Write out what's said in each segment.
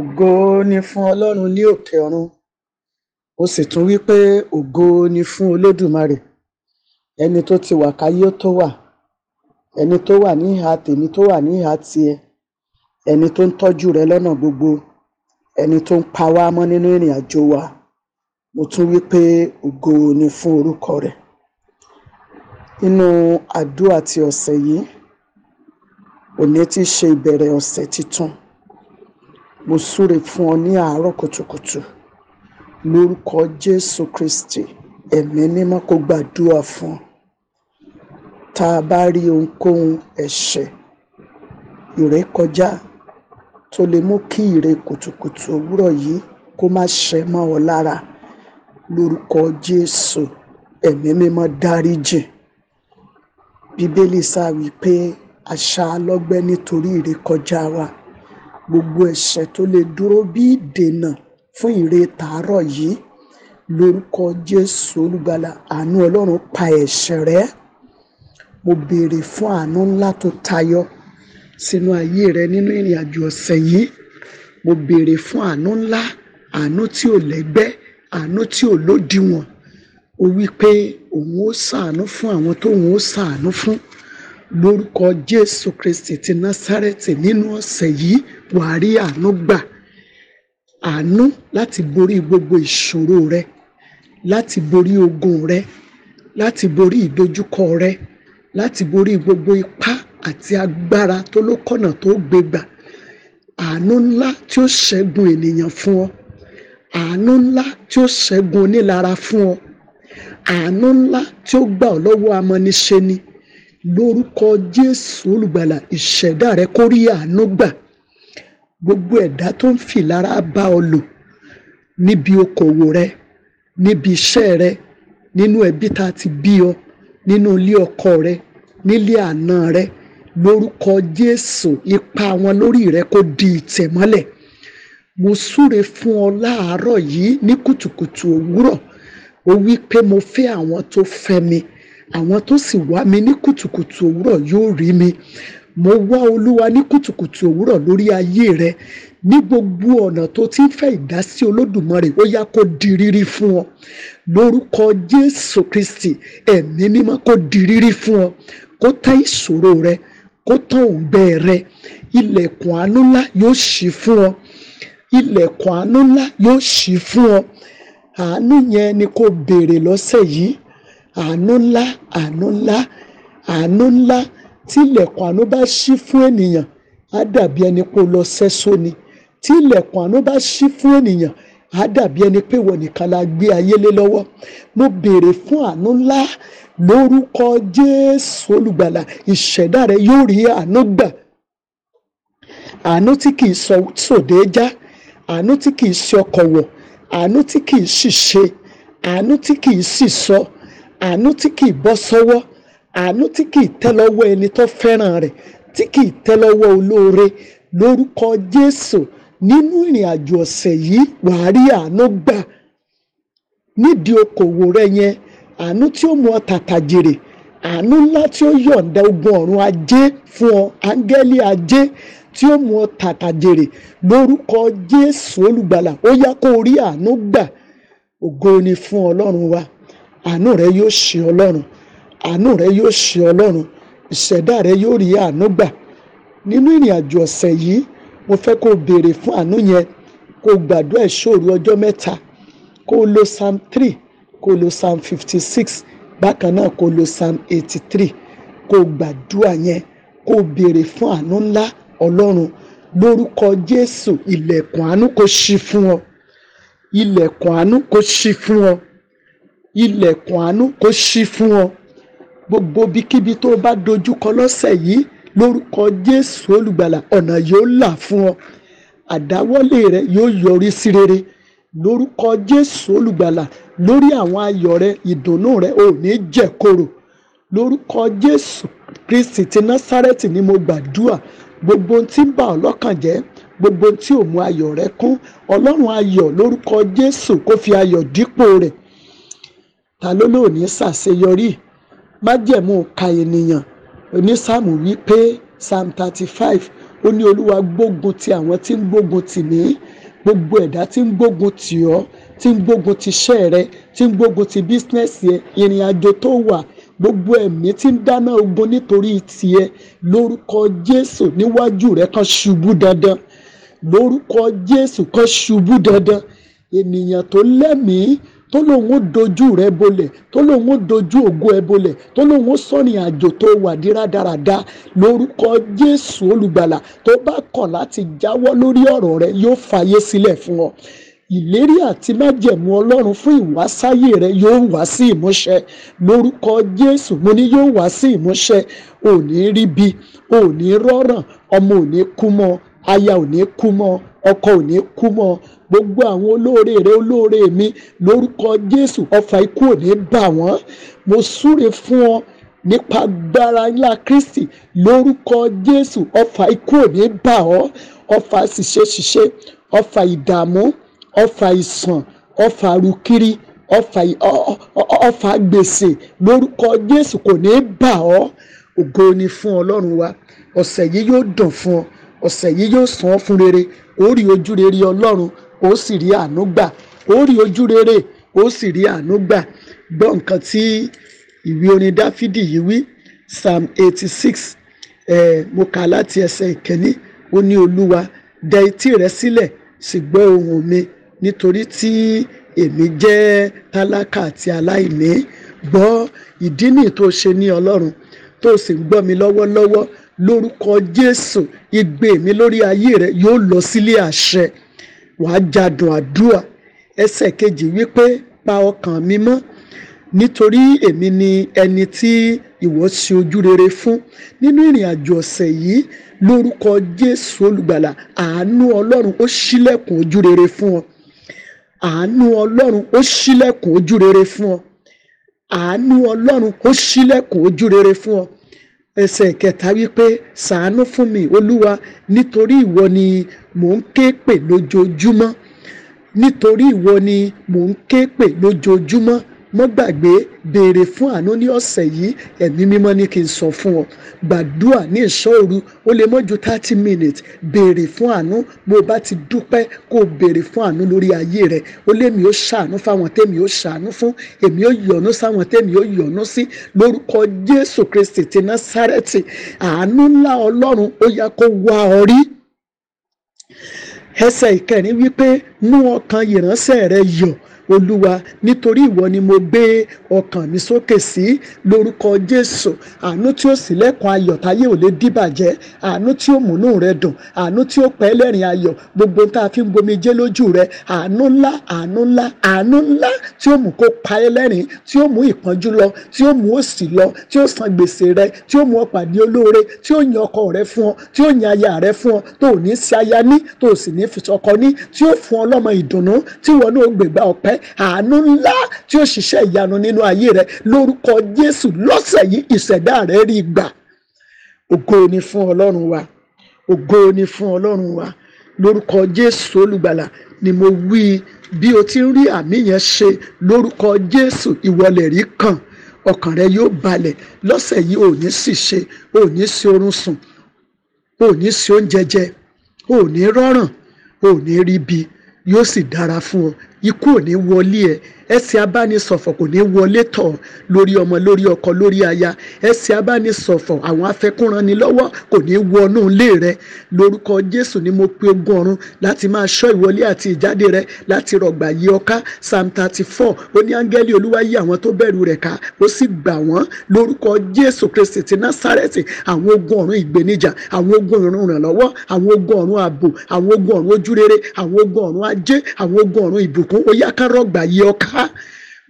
ògo ni fún ọlọ́run ní òkè ọ̀run ó sì tún wí pé ògo ni fún olódùmarè ẹni tó ti wà káyé tó wà ẹni tó wà ní ìhà tèmi tó wà ní ìhà tiẹ ẹni tó ń tọ́jú rẹ lọ́nà gbogbo ẹni tó ń pa wá mọ́ nínú ìrìn àjò wa mo tún wí pé ògo ni fún orúkọ rẹ nínú àdúrà ti ọ̀sẹ̀ yìí òní ti ṣe ìbẹ̀rẹ̀ ọ̀sẹ̀ tuntun mo súre fún ọ ní àárọ̀ kùtùkùtù lórúkọ jésù kristi ẹ̀mí mímọ́ kó gbàdúrà fún tá a bá rí ohunkóhun ẹ̀ṣẹ̀ ìrékọjá tó lè mú kí ìre kùtùkùtù òwúrọ̀ yìí kó má ṣẹ mọ́ ọ lára lórúkọ jésù ẹ̀mí mímọ́ dáríjì bíbélì sáà wí pé àṣà lọ́gbẹ́ nítorí ìrékọjá wa gbogbo ẹ̀ṣẹ̀ tó lè dúró bí ìdènà fún ìre tàárọ̀ yìí lórúkọ Jésù olùgbàlà àánú Ọlọ́run pa ẹ̀ṣẹ̀ rẹ́ mo béèrè fún àánú ńlá tó tayọ sínú ayé rẹ nínú ìrìn àjò ọ̀sẹ̀ yìí mo béèrè fún àánú ńlá àánú tí ò lẹ́gbẹ́ àánú tí ò lódiwọ̀n ó wí pé òun ó ṣàánú fún àwọn tóun ó ṣàánú fún lórúkọ jésù kristi ti násárẹ́tì nínú ọ̀sẹ̀ yìí wàá rí àánú gbà àánú láti borí gbogbo ìṣòro rẹ láti borí ogun rẹ láti borí ìdojúkọ rẹ láti borí gbogbo ipá àti agbára tó lókọ̀nà tó gbégbà àánú ńlá tí ó ṣẹ́gun ènìyàn fún ọ àánú ńlá tí ó ṣẹ́gun onílara fún ọ àánú ńlá tí ó gbà ọ́ lọ́wọ́ amọ̀niṣe ni. Sheni lórúkọ jésù olùgbàlà ìṣẹ̀dá rẹ kó rí àánú gbà gbogbo ẹ̀dá tó ń fìlara bá ọ lò níbi okòwò rẹ níbi iṣẹ́ rẹ nínú ẹbí tá a ti bí ọ nínú ilé ọkọ rẹ nílé àna rẹ lórúkọ jésù ipa wọn lórí rẹ kó di ìtẹ̀mọ́lẹ̀ mo súre fún ọ láàárọ̀ yìí ní kùtùkùtù òwúrọ̀ ó wí pé mo fẹ́ àwọn tó fẹ́ mi àwọn tó sì wá mi ní kùtùkùtù òwúrọ̀ yóò rí mi mo wá olúwa ní kùtùkùtù òwúrọ̀ lórí ayé rẹ ní gbogbo ọ̀nà tó ti ń fẹ́ ìdásí olódùmarè ó yá kó di rírí fún ọ lórúkọ jésù kristi ẹ̀mí mímọ́ kó di rírí fún ọ kó tán ìṣòro rẹ kó tán òǹgbẹ rẹ ilẹ̀kùn àánú ńlá yóò ṣí fún ọ ilẹ̀kùn àánú ńlá yóò ṣí fún ọ àánú yẹn ni kó béèrè lọ́sẹ̀ yìí àánú ńlá àánú ńlá àánú ńlá tí ilẹ̀kùn àánú bá ṣí fún ènìyàn á dàbí ẹni pé ó lọ sẹ́só ni tí ilẹ̀kùn àánú bá ṣí fún ènìyàn á dàbí ẹni pé ìwọ nìkan la gbé ayé lé lọ́wọ́ mo béèrè fún àánú ńlá lórúkọ Jésù olùgbàlà ìṣẹ̀dá rẹ yóò rí àánú gbà àánú tí kì í sọ sòdé já àánú tí kì í ṣe ọkọ̀ wọ̀ àánú tí kì í sì ṣe àánú tí kì í sì sọ. So àánú tí kì í bọ́ sọ́wọ́ àánú tí kì í tẹ́ lọ́wọ́ ẹni tó fẹ́ràn rẹ̀ tí kì í tẹ́ lọ́wọ́ olóore lórúkọ Jésù nínú ìrìn àjò ọ̀sẹ̀ yìí wàá rí àánú gbà nídìí okòwò rẹ yẹn àánú tí ó mú ọ tàtà jèrè àánú ńlá tí ó yọ̀ǹda ogun ọ̀run ajé fún ọ áńgẹ́lì ajé tí ó mú ọ tàtà jèrè lórúkọ Jésù olùgbàlà ó yá kó rí àánú gbà ògo ni fún Ọlọ́run wa àánú rẹ yóò ṣe ọlọ́run àánú rẹ yóò ṣe ọlọ́run ìṣẹ̀dá rẹ yóò rí àánú gbà nínú ìrìn àjò ọ̀sẹ̀ yìí mo fẹ́ kó o béèrè fún àánú yẹn kó o gbàdúrà ìṣòro ọjọ́ mẹ́ta kó o lo psalm three kó o lo psalm fifty six bákan náà kó o lo psalm eighty three kó o gbàdúrà yẹn kó o béèrè fún àánú ńlá ọlọ́run lórúkọ jésù ilẹ̀kùn àánú kó ṣí fún ọ ilẹ̀kùn àánú kó ṣí fún ọ ilẹ̀kùn àánú kó ṣí fún ọ gbogbo ibikíbi tó o bá dojúkọ lọ́sẹ̀ yìí lórúkọ Jésù olùgbàlà ọ̀nà yóò là fún ọ àdáwọ́lé rẹ yóò yọrí sí rere lórúkọ Jésù olùgbàlà lórí àwọn ayọ̀ rẹ ìdùnnú rẹ ò ní jẹ korò lórúkọ Jésù Kristi ti Násárẹ́tì ni mo gbàdúrà gbogbo ohun tí ń bà ọ́ lọ́kàn jẹ́ gbogbo ohun tí ò mú ayọ̀ rẹ kún ọlọ́run ayọ̀ lórúkọ Jésù kó fi ayọ̀ dípò rẹ̀ ta ló lò ní ṣàṣeyọrí májẹ̀mú ka ènìyàn onísáàmù wípé psalm thirty five ó ní olúwa gbógun ti àwọn tí ń gbógun tì mí gbogbo ẹ̀dá tí ń gbógun tì ọ́ tí ń gbógun ti iṣẹ́ rẹ tí ń gbógun ti bísínẹ́sì ẹ ìrìn àjò tó wà gbogbo ẹ̀mí tí ń dáná ogun nítorí tiẹ̀ lórúkọ jésù níwájú rẹ kan ṣubú dandan lórúkọ jésù kan ṣubú dandan ènìyàn tó lẹ́mìí tó lóun ó dojú rẹ bolẹ̀ tó lóun ó dojú ògo ẹ bolẹ̀ tó lóun ó sọ̀rìn àjò tó wà dí rádaràda lórúkọ Jésù olùgbàlà tó bá kọ̀ láti jáwọ́ lórí ọ̀rọ̀ rẹ yóò fàyè sílẹ̀ fún ọ ìlérí àti májẹ̀mú ọlọ́run fún ìwásáyé rẹ yóò wá sí ìmúṣẹ lórúkọ Jésù mo ní yóò wá sí ìmúṣẹ ò ní rí bi ò ní rọ́ràn ọmọ ò kú mọ́ aya ò ní kú mọ́ ọkọ ò ní kú mọ́ gbogbo àwọn olóore rẹ olóore mi lórúkọ Jésù ọfà ikú ò ní bà wọ́n mo súre fún ọ nípa agbára ńlá Kristi lórúkọ Jésù ọfà ikú ò ní bà ọ́ ọfà ṣìṣeṣìṣe ọfà ìdààmú ọfà ìsàn ọfà rukiri ọfà ọfà gbèsè lórúkọ Jésù kò ní bà ọ́ ògo ni fún Ọlọ́run wa ọ̀sẹ̀ yìí yóò dùn fún ọ ọ̀sẹ̀ yìí yóò san ọ́ fún rere ó rí ojú rere ọlọ́run ó sì rí àánú gbà ó rí ojú rere ó sì rí àánú gbà gbọ́ nǹkan tí ìwé orin dáfídì yìí wí psalm eighty six ẹ̀ mo kà láti ẹsẹ̀ ìkẹ́ni ó ní olúwa dẹ etí rẹ sílẹ̀ sì gbọ́ ohùn mi nítorí tí èmi jẹ́ tálákà àti aláìní gbọ́ ìdí nìyí tó ṣe ní ọlọ́run tó sì ń gbọ́ mi lọ́wọ́lọ́wọ́ lórúkọ jésù igbe mi lórí ayé rẹ yóò lọ sílé àṣẹ wàá jadùn àdúrà ẹsẹ̀ kejì wípé pa ọkàn mi mọ́ nítorí èmi ni ẹni tí ìwọ ṣe ojú rere fún nínú ìrìn àjò ọ̀sẹ̀ yìí lórúkọ jésù olùgbàlà àánú ọlọ́run ó ṣílẹ̀kùn ojú rere fún ọ àánú ọlọ́run ó ṣílẹ̀kùn ojú rere fún ọ àánú ọlọ́run ó ṣílẹ̀kùn ojú rere fún ọ ẹsẹ̀ kẹta wípé sàánú fún mi olúwa nítorí ìwọ ni mò ń ké pè lójoojúmọ́ nítorí ìwọ ni mò ń ké pè lójoojúmọ́ mọ́ gbàgbé béèrè fún àánú ní ọ̀sẹ̀ yìí ẹ̀mí mímọ́ ní kí n sọ fún ọ gbàdúrà ní ìṣọ́ ó lè mọ́ thirty minutes béèrè fún àánú bó o bá ti dúpẹ́ kó o béèrè fún àánú lórí ayé rẹ ó lé mi ó ṣàánú fáwọn tèmi ó ṣàánú fún èmi ó yọ́nú sáwọn tèmi ó yọ́nú sí lórúkọ Jésù Kristi ti Násárẹ́tì àánú ńlá Ọlọ́run ó yá kó wá ọ rí ẹsẹ̀ ìkẹrin wípé mú ọkàn ìránṣẹ́ rẹ yọ̀ olúwa nítorí ìwọ ni mo gbé ọkàn mi sókè sí lórúkọ jésù àánú tí ó ṣílẹ̀kùn ayọ̀ táyé ò lè dìbàjẹ́ àánú tí ó múnú rẹ dùn àánú tí ó pẹ́ lẹ́rìn ayọ̀ gbogbo tá a fi ń gbomi jẹ́ lójú rẹ àánú ńlá àánú ńlá àánú ńlá tí ó mú kó pa ẹ́ lẹ́rìn tí ó mú ìpọ́njú lọ tí ó mú òṣì lọ tí ó san gbèsè rẹ tí ó mú ọ pàdé olóore tí ó yan ọkọ rẹ fún ọ tí ó yan aya rẹ fún ọ tó ò ní sí aya ní tó ò sì ní fi ọkọ ní tí ó fún ọ lọ́mọ ìdùnnú tí wọn náà gbègbà ọpẹ́ rẹ àánú ńlá tí ó ṣiṣẹ́ ìyanu nínú ayé rẹ lórúkọ Jésù lọ́sẹ̀ yìí ìṣẹ̀dá rẹ rí gbà ògo ni fún Ọlọ́run wa ògo ni fún Ọlọ́run wa lórúkọ Jésù olùgbàlà ni mo wí bí o ti ń rí àmì yẹn ṣe lórúkọ Jésù ìwọlẹ̀ rí kàn ọkàn rẹ yóò balẹ̀ lọ́sẹ̀ yìí ò ní sì ṣe ò ní sí oorun sùn ò ní sí oúnjẹ jẹ ò ní rọrùn ò ní rí bi yóò sì dára fún ọ ikú ò ní wọlé ẹ ẹsẹ̀ abánisọ̀fọ̀ kò ní wọlé tọ̀ lórí ọmọ lórí ọkọ lórí aya ẹsẹ̀ abánisọ̀fọ̀ àwọn afẹ́kúnranilọ́wọ́ kò ní wọnú ilé rẹ lórúkọ Jésù ni mo pe ogun ọ̀run láti máa ṣọ́ ìwọlé àti ìjáde rẹ láti rọ̀gbà yí ọká psalm thirty four ó ní áńgẹ́lì olúwa yí àwọn tó bẹ̀rù rẹ̀ ká ó sì gbà wọ́n lórúkọ Jésù Kristi ti Násárẹ́tì àwọn ogun ọ̀run ìgbéníjà àwọn ogun ọ̀run ìrànlọ́wọ́ àwọn ogun ọ̀run ààbò àwọn ogun ọ̀run ojúrere àwọn ogun ọ̀run ajé àwọn ogun ọ̀run ìbùkún ó yá ká rọ̀gbà yí ọká ká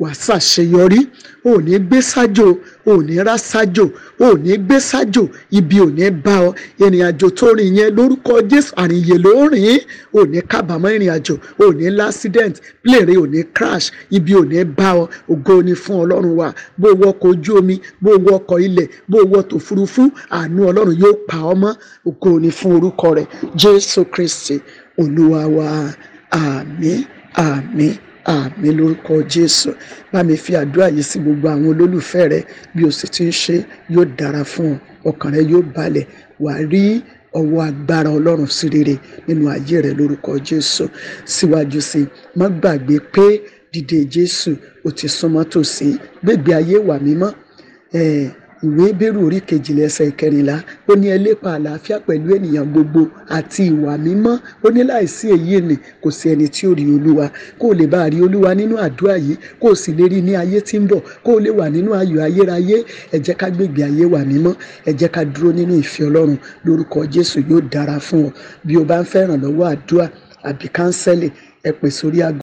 wà ṣàṣeyọrí ò ní gbé sájò ò ní rá sájò ò ní gbé sájò ibi ò ní bá ọ ìrìn àjò tó rìn yẹn lórúkọ Jésù àríyè ló rìn ò ní kábàámọ̀ ìrìn àjò ò ní lásídẹ̀ǹt plẹ̀rẹ̀ ò ní crash ibi ò ní bá ọ ògo ni fún ọlọ́run wa bó wọ ọkọ̀ ojú omi bó wọ ọkọ̀ ilẹ̀ bó wọ tòfurufú àánú ọlọ́run yóò pa ọ mọ́ ògo ni fún orúkọ rẹ̀ Jésù Kristi olúwa wa àmín àmín àmì lórúkọ jésù bá mi fi àdúrà yìí sí gbogbo àwọn olólùfẹ́ rẹ bí o sì ti ń ṣe yóò dára fún ọ ọkàn rẹ yóò balẹ̀ wàá rí ọwọ́ agbára ọlọ́run sí rere nínú ayé rẹ lórúkọ jésù síwájú sí i má gbàgbé pé dìde jésù o ti súnmọ́ tòsí gbègbè ayé wà mímọ́ ìwé Hébérù orí kejìlá ẹsẹ̀ ìkẹrìnlá ó ní ẹ lépa àlàáfíà pẹ̀lú ènìyàn gbogbo àti ìwà mímọ́ ó ní láìsí èyí ni kò sí ẹni tí ó rí Olúwa kó o lè bá rí Olúwa nínú àdúrà yìí kó o sì lè rí ní ayé tí ń bọ̀ kó o lè wà nínú ayọ̀ ayérayé ẹ ká gbègbè ayé wà mímọ́ ẹ ká dúró nínú ìfẹ́ Ọlọ́run lórúkọ Jésù yóò dára fún ọ bí o bá ń fẹ́ ìrànlọ́wọ́ àdúrà àbí